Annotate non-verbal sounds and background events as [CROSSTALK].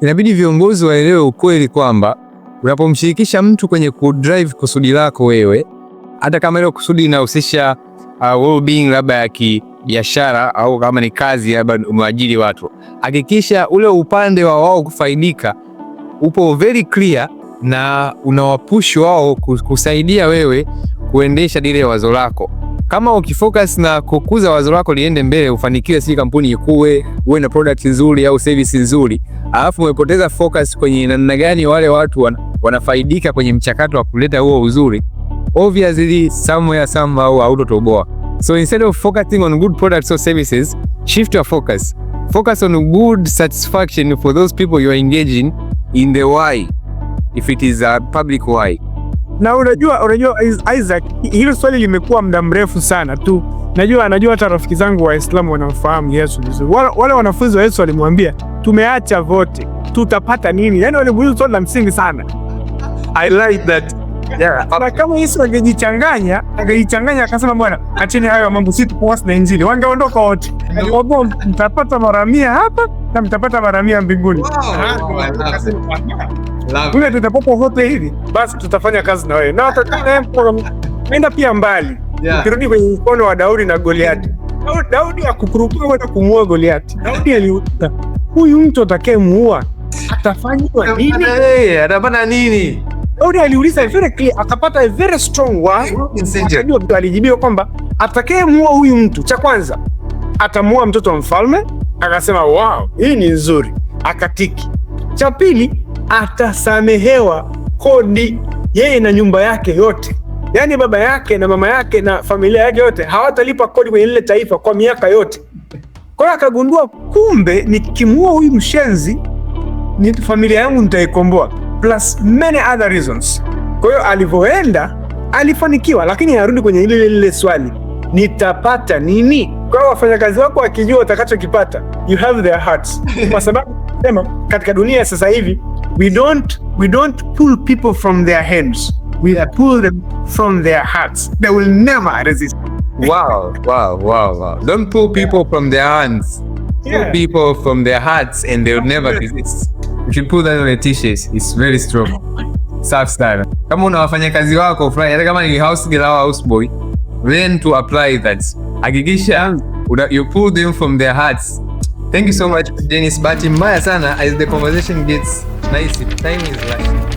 Inabidi viongozi waelewe ukweli kwamba unapomshirikisha mtu kwenye kudrive kusudi lako wewe, hata kama ile kusudi inahusisha uh, well-being labda ya kibiashara au kama ni kazi labda umeajiri watu, hakikisha ule upande wa wao kufaidika upo very clear na unawapush wao kusaidia wewe kuendesha lile wazo lako. Kama ukifocus na kukuza wazo lako liende mbele, ufanikiwe, si kampuni ikue, uwe na product nzuri au service nzuri, alafu umepoteza focus kwenye namna gani wale watu wana, wanafaidika kwenye mchakato wa kuleta huo uzuri, obviously somewhere somehow hautotoboa. So instead of focusing on good products or services, shift your focus. Focus on good satisfaction for those people you are engaging in the why, if it is a public why na unajua, unajua Isaac, hilo swali limekuwa muda mrefu sana tu. Najua, najua hata rafiki zangu Waislamu wanamfahamu Yesu vizuri. Wale wanafunzi wa Yesu walimwambia tumeacha vote, tutapata nini? Yani walimuuliza swali la msingi sana. I like that. Yeah. Na kama Yesu angejichanganya, angejichanganya akasema bwana, acheni hayo mambo, si tuko na Injili. Wangeondoka wote. Wao mtapata mara mia hapa na mtapata mara mia mbinguni. Wow kule tutapopo hote hivi basi tutafanya kazi na wewe na [LAUGHS] enda pia mbali yeah. Kirudi kwenye mkono wa Daudi na Goliati. Daudi hakukurupuka kwenda kumuua Goliati. Daudi aliuliza huyu mtu atakayemuua atafanyiwa nini? Atapata nini? Daudi aliuliza very clear, akapata a very strong word. Alijibiwa kwamba atakayemuua huyu mtu, cha kwanza atamuua mtoto wa mfalme. Akasema wow, hii ni nzuri, akatiki. Cha pili atasamehewa kodi yeye na nyumba yake yote, yaani baba yake na mama yake na familia yake yote hawatalipa kodi kwenye lile taifa kwa miaka yote. Kwa hiyo akagundua, kumbe nikimuua huyu mshenzi ni familia yangu nitaikomboa, plus many other reasons. Kwa hiyo alivyoenda alifanikiwa, lakini arudi kwenye lile lile swali, nitapata nini? Kwa hiyo wafanyakazi wako wakijua watakachokipata you have their hearts, [LAUGHS] kwa sababu sema katika dunia sasa hivi We don't we don't pull people from their heads. We pull them from their hearts. They will never resist. wow, wow, wow, wow. Don't pull people yeah. from their hands. Yeah. people from their hearts and they'll never resist. If you pull that on a t-shirt, it's very strong. Safi sana. Kama una wafanyakazi wako fulani, kama ni house girl au house boy, then to apply that. Hakikisha you pull them from their hearts. Thank you so much Dennis Bahati mbaya sana as the conversation gets nice time is rushing